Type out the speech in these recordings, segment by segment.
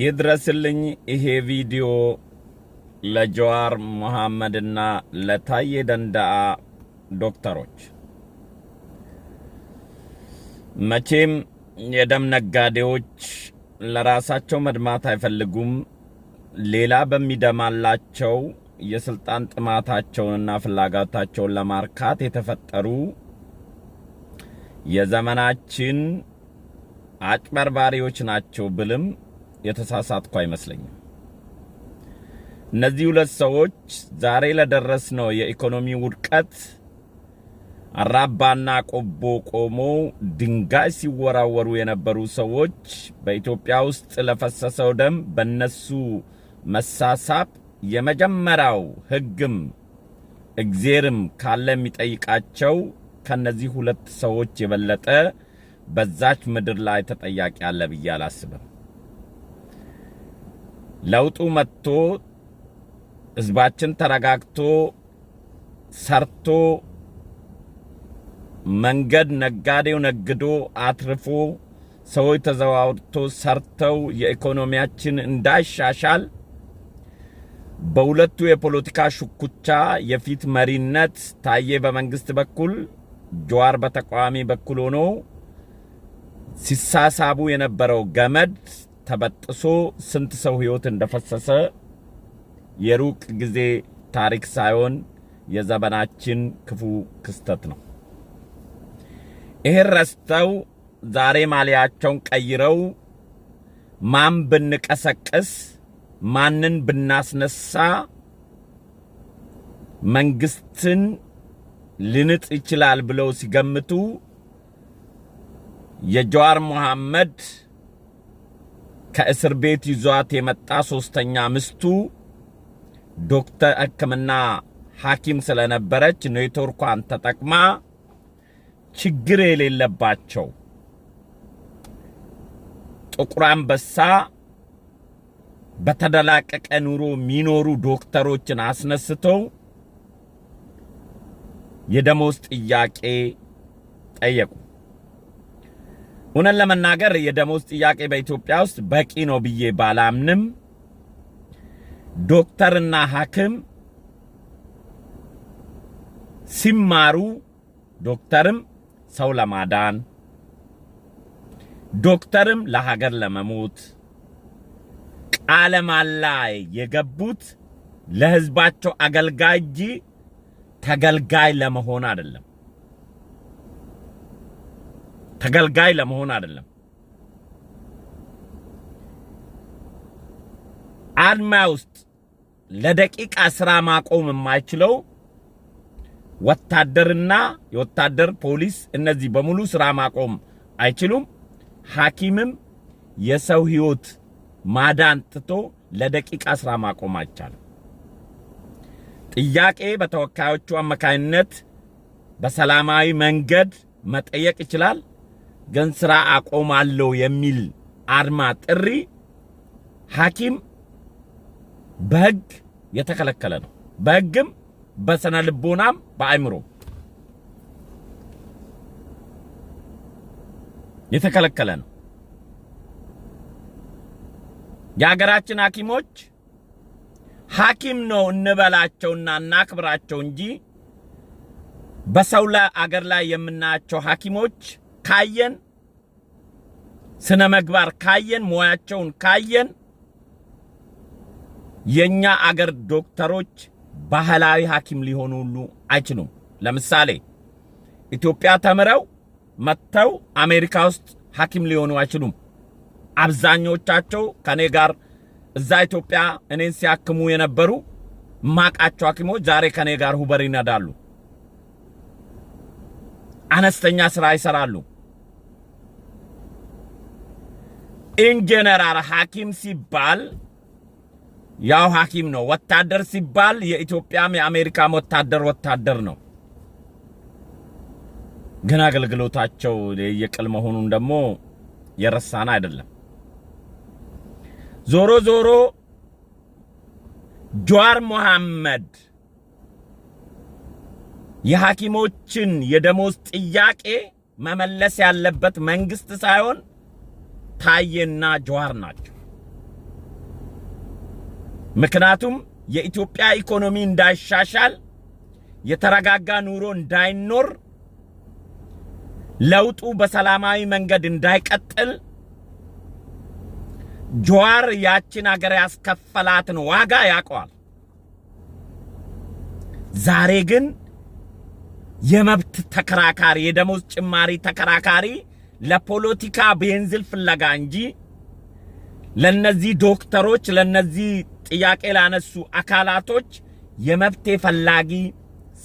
ይድረስልኝ። ይሄ ቪዲዮ ለጀዋር መሐመድና ለታዬ ደንደአ ዶክተሮች መቼም የደም ነጋዴዎች ለራሳቸው መድማት አይፈልጉም። ሌላ በሚደማላቸው የስልጣን ጥማታቸውንና ፍላጋታቸውን ለማርካት የተፈጠሩ የዘመናችን አጭበርባሪዎች ናቸው ብልም የተሳሳትኩ አይመስለኝም። እነዚህ ሁለት ሰዎች ዛሬ ለደረስነው የኢኮኖሚ ውድቀት አራባና ቆቦ ቆመው ድንጋይ ሲወራወሩ የነበሩ ሰዎች በኢትዮጵያ ውስጥ ለፈሰሰው ደም በነሱ መሳሳብ የመጀመሪያው ሕግም እግዜርም ካለ የሚጠይቃቸው ከነዚህ ሁለት ሰዎች የበለጠ በዛች ምድር ላይ ተጠያቂ አለ ብዬ አላስብም። ለውጡ መጥቶ ህዝባችን ተረጋግቶ ሰርቶ መንገድ ነጋዴው ነግዶ አትርፎ ሰዎች ተዘዋውርቶ ሰርተው የኢኮኖሚያችን እንዳይሻሻል በሁለቱ የፖለቲካ ሽኩቻ የፊት መሪነት ታዬ በመንግስት በኩል ጀዋር በተቃዋሚ በኩል ሆኖ ሲሳሳቡ የነበረው ገመድ ተበጥሶ ስንት ሰው ህይወት እንደፈሰሰ የሩቅ ጊዜ ታሪክ ሳይሆን የዘመናችን ክፉ ክስተት ነው። ይህን ረስተው ዛሬ ማሊያቸውን ቀይረው ማን ብንቀሰቅስ ማንን ብናስነሳ መንግስትን ሊንጥ ይችላል ብለው ሲገምቱ የጀዋር መሐመድ ከእስር ቤት ይዟት የመጣ ሶስተኛ ሚስቱ ዶክተር ሕክምና ሐኪም ስለነበረች ኔትወርኳን ተጠቅማ ችግር የሌለባቸው ጥቁር አንበሳ በተደላቀቀ ኑሮ የሚኖሩ ዶክተሮችን አስነስተው የደሞዝ ጥያቄ ጠየቁ። እውነት ለመናገር የደሞዝ ጥያቄ በኢትዮጵያ ውስጥ በቂ ነው ብዬ ባላምንም ዶክተርና ሐኪም ሲማሩ ዶክተርም ሰው ለማዳን ዶክተርም ለሀገር ለመሞት ቃለ መሃላ የገቡት ለህዝባቸው አገልጋይ እንጂ ተገልጋይ ለመሆን አይደለም። ተገልጋይ ለመሆን አይደለም። አድማ ውስጥ ለደቂቃ ስራ ማቆም የማይችለው ወታደርና የወታደር ፖሊስ፣ እነዚህ በሙሉ ስራ ማቆም አይችሉም። ሐኪምም የሰው ህይወት ማዳን ትቶ ለደቂቃ ስራ ማቆም አይቻልም። ጥያቄ በተወካዮቹ አማካይነት በሰላማዊ መንገድ መጠየቅ ይችላል። ግን ስራ አቆማለሁ የሚል አድማ ጥሪ ሐኪም በህግ የተከለከለ ነው። በህግም በስነ ልቦናም በአእምሮም የተከለከለ ነው። የሀገራችን ሐኪሞች ሐኪም ነው እንበላቸውና እናክብራቸው እንጂ በሰው ላይ ላይ የምናያቸው ሐኪሞች ካየን፣ ስነ ምግባር ካየን፣ ሙያቸውን ካየን የኛ አገር ዶክተሮች ባህላዊ ሐኪም ሊሆኑ ሁሉ አይችሉም። ለምሳሌ ኢትዮጵያ ተምረው መጥተው አሜሪካ ውስጥ ሐኪም ሊሆኑ አይችሉም። አብዛኞቻቸው ከኔ ጋር እዛ ኢትዮጵያ እኔን ሲያክሙ የነበሩ ማቃቸው ሐኪሞች ዛሬ ከኔ ጋር ሁበር ይነዳሉ። አነስተኛ ስራ ይሰራሉ። ኢንጀነራል ሐኪም ሲባል ያው ሐኪም ነው። ወታደር ሲባል የኢትዮጵያም የአሜሪካም ወታደር ወታደር ነው። ግን አገልግሎታቸው የየቅል መሆኑን ደግሞ የረሳን አይደለም። ዞሮ ዞሮ ጀዋር መሐመድ የሐኪሞችን የደሞዝ ጥያቄ መመለስ ያለበት መንግስት ሳይሆን ታዬና ጀዋር ናቸው። ምክንያቱም የኢትዮጵያ ኢኮኖሚ እንዳይሻሻል፣ የተረጋጋ ኑሮ እንዳይኖር፣ ለውጡ በሰላማዊ መንገድ እንዳይቀጥል ጀዋር ያችን አገር ያስከፈላትን ዋጋ ያውቀዋል። ዛሬ ግን የመብት ተከራካሪ የደሞዝ ጭማሪ ተከራካሪ ለፖለቲካ ቤንዝል ፍለጋ እንጂ ለነዚህ ዶክተሮች፣ ለነዚህ ጥያቄ ላነሱ አካላቶች የመብቴ ፈላጊ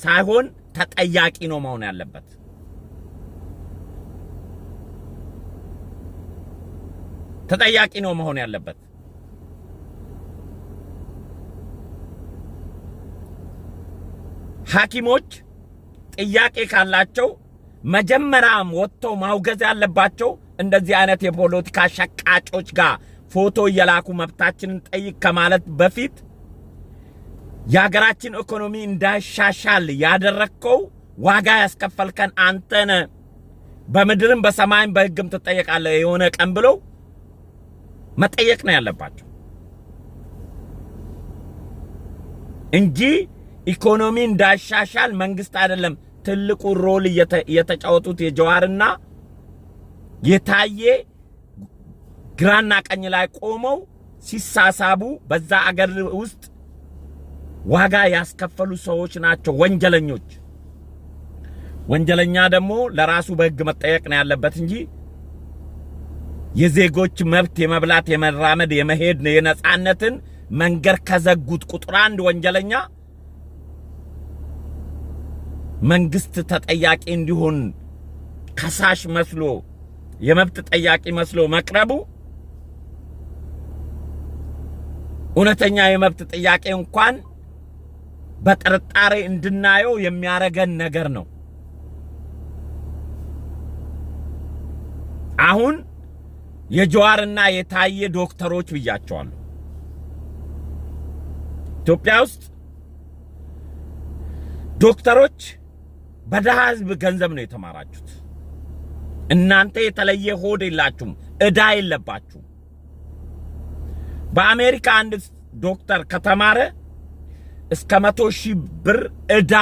ሳይሆን ተጠያቂ ነው መሆን ያለበት። ተጠያቂ ነው መሆን ያለበት። ሐኪሞች ጥያቄ ካላቸው መጀመሪያም ወጥቶ ማውገዝ ያለባቸው እንደዚህ አይነት የፖለቲካ ሸቃጮች ጋር ፎቶ እየላኩ መብታችንን ጠይቅ ከማለት በፊት የሀገራችን ኢኮኖሚ እንዳይሻሻል ያደረግከው ዋጋ ያስከፈልከን አንተነ በምድርም በሰማይም በሕግም ትጠየቃለህ የሆነ ቀን ብለው መጠየቅ ነው ያለባቸው እንጂ ኢኮኖሚ እንዳይሻሻል መንግስት አይደለም ትልቁ ሮል የተጫወቱት የጀዋርና የታዬ ግራና ቀኝ ላይ ቆመው ሲሳሳቡ በዛ አገር ውስጥ ዋጋ ያስከፈሉ ሰዎች ናቸው ወንጀለኞች። ወንጀለኛ ደግሞ ለራሱ በሕግ መጠየቅ ነው ያለበት እንጂ የዜጎች መብት የመብላት፣ የመራመድ፣ የመሄድ የነጻነትን መንገድ ከዘጉት ቁጥር አንድ ወንጀለኛ መንግስት ተጠያቂ እንዲሆን ከሳሽ መስሎ የመብት ጠያቂ መስሎ መቅረቡ እውነተኛ የመብት ጥያቄ እንኳን በጥርጣሬ እንድናየው የሚያረገን ነገር ነው። አሁን የጀዋርና የታየ ዶክተሮች ብያቸዋለሁ። ኢትዮጵያ ውስጥ ዶክተሮች በድሃ ህዝብ ገንዘብ ነው የተማራችሁት። እናንተ የተለየ ሆድ የላችሁም፣ እዳ የለባችሁም። በአሜሪካ አንድ ዶክተር ከተማረ እስከ መቶ ሺህ ብር እዳ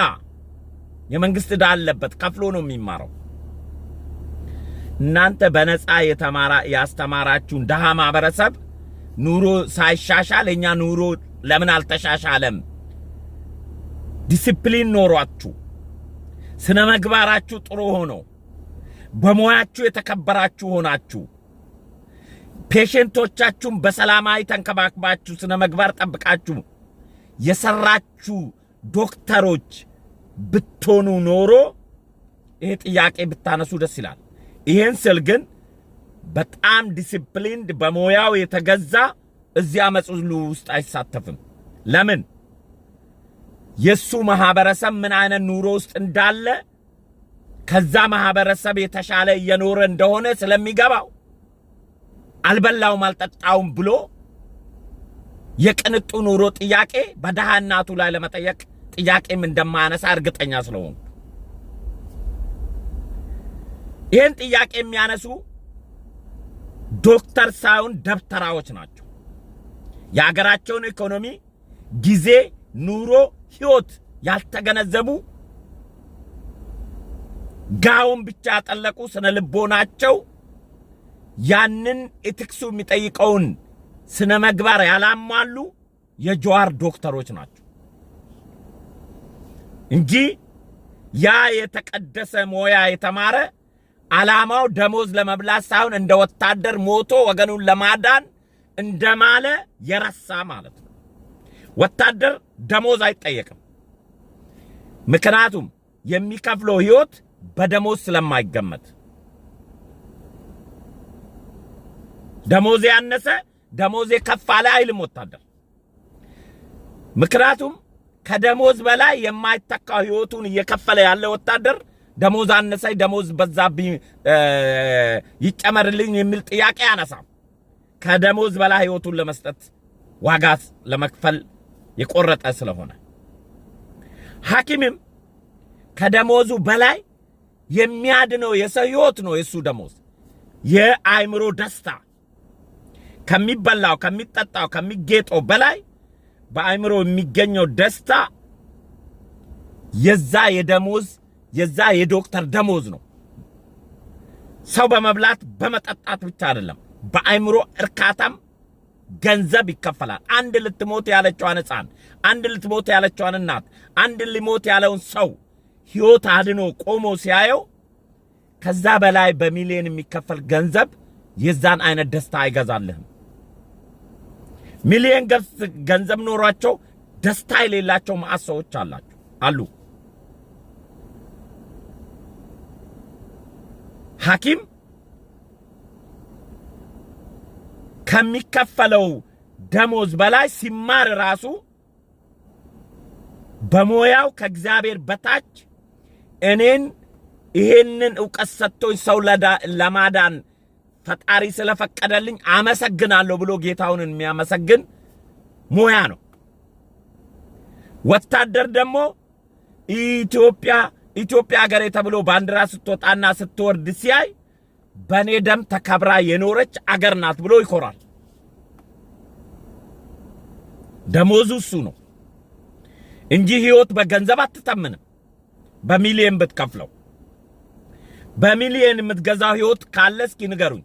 የመንግስት እዳ አለበት ከፍሎ ነው የሚማረው። እናንተ በነፃ የተማራ ያስተማራችሁን ድሃ ማህበረሰብ ኑሮ ሳይሻሻል እኛ ኑሮ ለምን አልተሻሻለም? ዲሲፕሊን ኖሯችሁ ስነ መግባራችሁ ጥሩ ሆኖ በሙያችሁ የተከበራችሁ ሆናችሁ ፔሽንቶቻችሁን በሰላማዊ ተንከባክባችሁ ስነ መግባር ጠብቃችሁ የሰራችሁ ዶክተሮች ብትሆኑ ኖሮ ይሄ ጥያቄ ብታነሱ ደስ ይላል። ይሄን ስል ግን በጣም ዲሲፕሊንድ በሙያው የተገዛ እዚህ አመፅ ሁሉ ውስጥ አይሳተፍም። ለምን የሱ ማህበረሰብ ምን አይነት ኑሮ ውስጥ እንዳለ ከዛ ማህበረሰብ የተሻለ እየኖረ እንደሆነ ስለሚገባው አልበላውም አልጠጣውም ብሎ የቅንጡ ኑሮ ጥያቄ በድሃ እናቱ ላይ ለመጠየቅ ጥያቄም እንደማያነሳ እርግጠኛ ስለሆኑ ይህን ጥያቄ የሚያነሱ ዶክተር ሳይሆን ደብተራዎች ናቸው። የሀገራቸውን ኢኮኖሚ ጊዜ ኑሮ ህይወት ያልተገነዘቡ ጋውን ብቻ ያጠለቁ ስነ ልቦናቸው ያንን እትክሱ የሚጠይቀውን ስነ መግባር ያላሟሉ የጀዋር ዶክተሮች ናቸው እንጂ ያ የተቀደሰ ሞያ የተማረ አላማው ደሞዝ ለመብላት ሳይሆን እንደ ወታደር ሞቶ ወገኑን ለማዳን እንደማለ የረሳ ማለት ነው። ወታደር ደሞዝ አይጠየቅም። ምክንያቱም የሚከፍለው ህይወት በደሞዝ ስለማይገመት ደሞዝ ያነሰ ደሞዝ ከፍ አለ አይልም ወታደር። ምክንያቱም ከደሞዝ በላይ የማይተካው ህይወቱን እየከፈለ ያለ ወታደር ደሞዝ አነሳይ ደሞዝ በዛብኝ፣ ይጨመርልኝ የሚል ጥያቄ አነሳ። ከደሞዝ በላይ ህይወቱን ለመስጠት ዋጋ ለመክፈል የቆረጠ ስለሆነ ሐኪምም ከደሞዙ በላይ የሚያድነው የሰው ህይወት ነው። የእሱ ደሞዝ የአእምሮ ደስታ ከሚበላው፣ ከሚጠጣው፣ ከሚጌጠው በላይ በአእምሮ የሚገኘው ደስታ የዛ የደሞዝ የዛ የዶክተር ደሞዝ ነው። ሰው በመብላት በመጠጣት ብቻ አይደለም፣ በአእምሮ እርካታም ገንዘብ ይከፈላል። አንድ ልትሞት ያለችዋን ሕፃን፣ አንድ ልትሞት ያለችዋን እናት፣ አንድ ሊሞት ያለውን ሰው ሕይወት አድኖ ቆሞ ሲያየው ከዛ በላይ በሚሊዮን የሚከፈል ገንዘብ የዛን አይነት ደስታ አይገዛልህም። ሚሊዮን ገንዘብ ኖሯቸው ደስታ የሌላቸው መዓት ሰዎች አላቸው አሉ ሐኪም ከሚከፈለው ደሞዝ በላይ ሲማር ራሱ በሞያው ከእግዚአብሔር በታች እኔን ይሄንን እውቀት ሰጥቶኝ ሰው ለማዳን ፈጣሪ ስለፈቀደልኝ አመሰግናለሁ ብሎ ጌታውን የሚያመሰግን ሙያ ነው። ወታደር ደግሞ ኢትዮጵያ ኢትዮጵያ ሀገሬ ተብሎ ባንዲራ ስትወጣና ስትወርድ ሲያይ በእኔ ደም ተከብራ የኖረች አገር ናት ብሎ ይኮራል። ደሞዙ እሱ ነው እንጂ ህይወት በገንዘብ አትተምንም። በሚሊየን ብትከፍለው በሚሊየን የምትገዛው ህይወት ካለ እስኪ ንገሩኝ።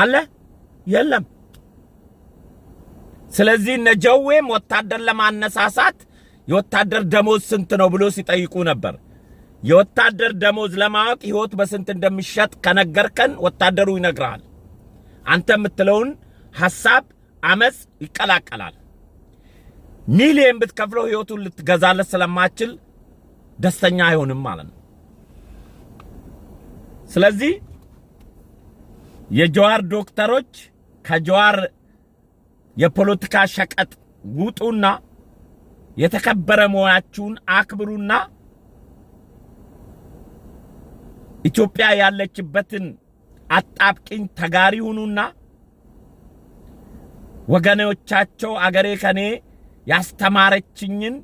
አለ የለም። ስለዚህ እነ ጀዌም ወታደር ለማነሳሳት የወታደር ደሞዝ ስንት ነው ብሎ ሲጠይቁ ነበር። የወታደር ደሞዝ ለማወቅ ህይወት በስንት እንደሚሸጥ ከነገርከን ወታደሩ ይነግራል። አንተ የምትለውን ሐሳብ አመፅ ይቀላቀላል። ሚሊየን ብትከፍለው ህይወቱን ልትገዛለት ስለማችል ደስተኛ አይሆንም ማለት ነው። ስለዚህ የጀዋር ዶክተሮች ከጀዋር የፖለቲካ ሸቀጥ ውጡና የተከበረ መሆናችሁን አክብሩና ኢትዮጵያ ያለችበትን አጣብቅኝ ተጋሪ ሁኑና ወገኖቻቸው አገሬ ከኔ ያስተማረችኝን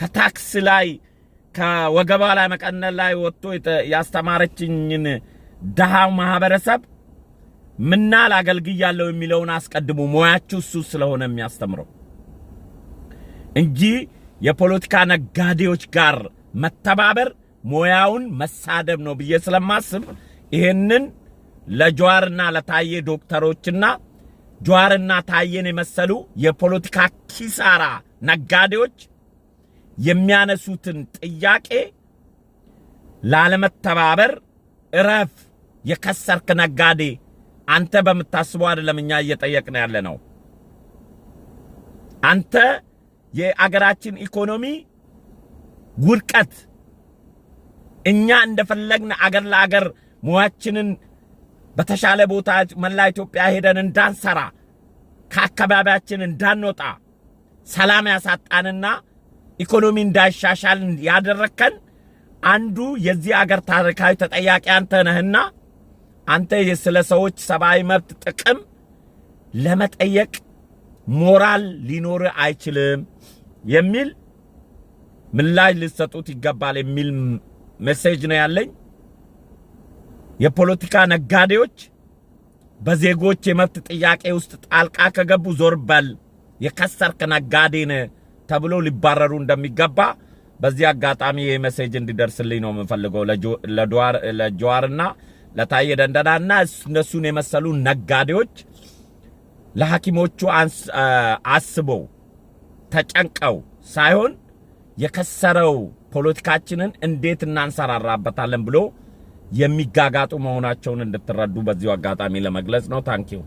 ከታክስ ላይ ከወገባ ላይ መቀነል ላይ ወጥቶ ያስተማረችኝን ድሃ ማህበረሰብ ምናል አገልግያለሁ የሚለውን አስቀድሙ። ሙያችሁ እሱ ስለሆነ የሚያስተምረው እንጂ የፖለቲካ ነጋዴዎች ጋር መተባበር ሙያውን መሳደብ ነው ብዬ ስለማስብ ይህንን ለጀዋርና ለታዬ ዶክተሮችና ጀዋርና ታዬን የመሰሉ የፖለቲካ ኪሳራ ነጋዴዎች የሚያነሱትን ጥያቄ ላለመተባበር እረፍ። የከሰርክ ነጋዴ አንተ በምታስበው አይደለም እኛ እየጠየቅን ያለ ነው። አንተ የአገራችን ኢኮኖሚ ውድቀት እኛ እንደፈለግን አገር ለአገር ሙያችንን በተሻለ ቦታ መላ ኢትዮጵያ ሄደን እንዳንሰራ ከአካባቢያችን እንዳንወጣ ሰላም ያሳጣንና ኢኮኖሚ እንዳይሻሻል ያደረከን አንዱ የዚህ አገር ታሪካዊ ተጠያቂ አንተ ነህና አንተ ስለ ሰዎች ሰብአዊ መብት ጥቅም ለመጠየቅ ሞራል ሊኖር አይችልም የሚል ምላሽ ልሰጡት ይገባል የሚል መሴጅ ነው ያለኝ። የፖለቲካ ነጋዴዎች በዜጎች የመብት ጥያቄ ውስጥ ጣልቃ ከገቡ ዞር በል የከሰርክ ነጋዴ ነህ ተብሎ ሊባረሩ እንደሚገባ በዚህ አጋጣሚ ይህ ሜሴጅ እንዲደርስልኝ ነው የምፈልገው ለጀዋርና ለታየ ደንደናና እነሱን የመሰሉ ነጋዴዎች ለሐኪሞቹ አስበው ተጨንቀው ሳይሆን የከሰረው ፖለቲካችንን እንዴት እናንሰራራበታለን ብሎ የሚጋጋጡ መሆናቸውን እንድትረዱ በዚሁ አጋጣሚ ለመግለጽ ነው። ታንኪዩ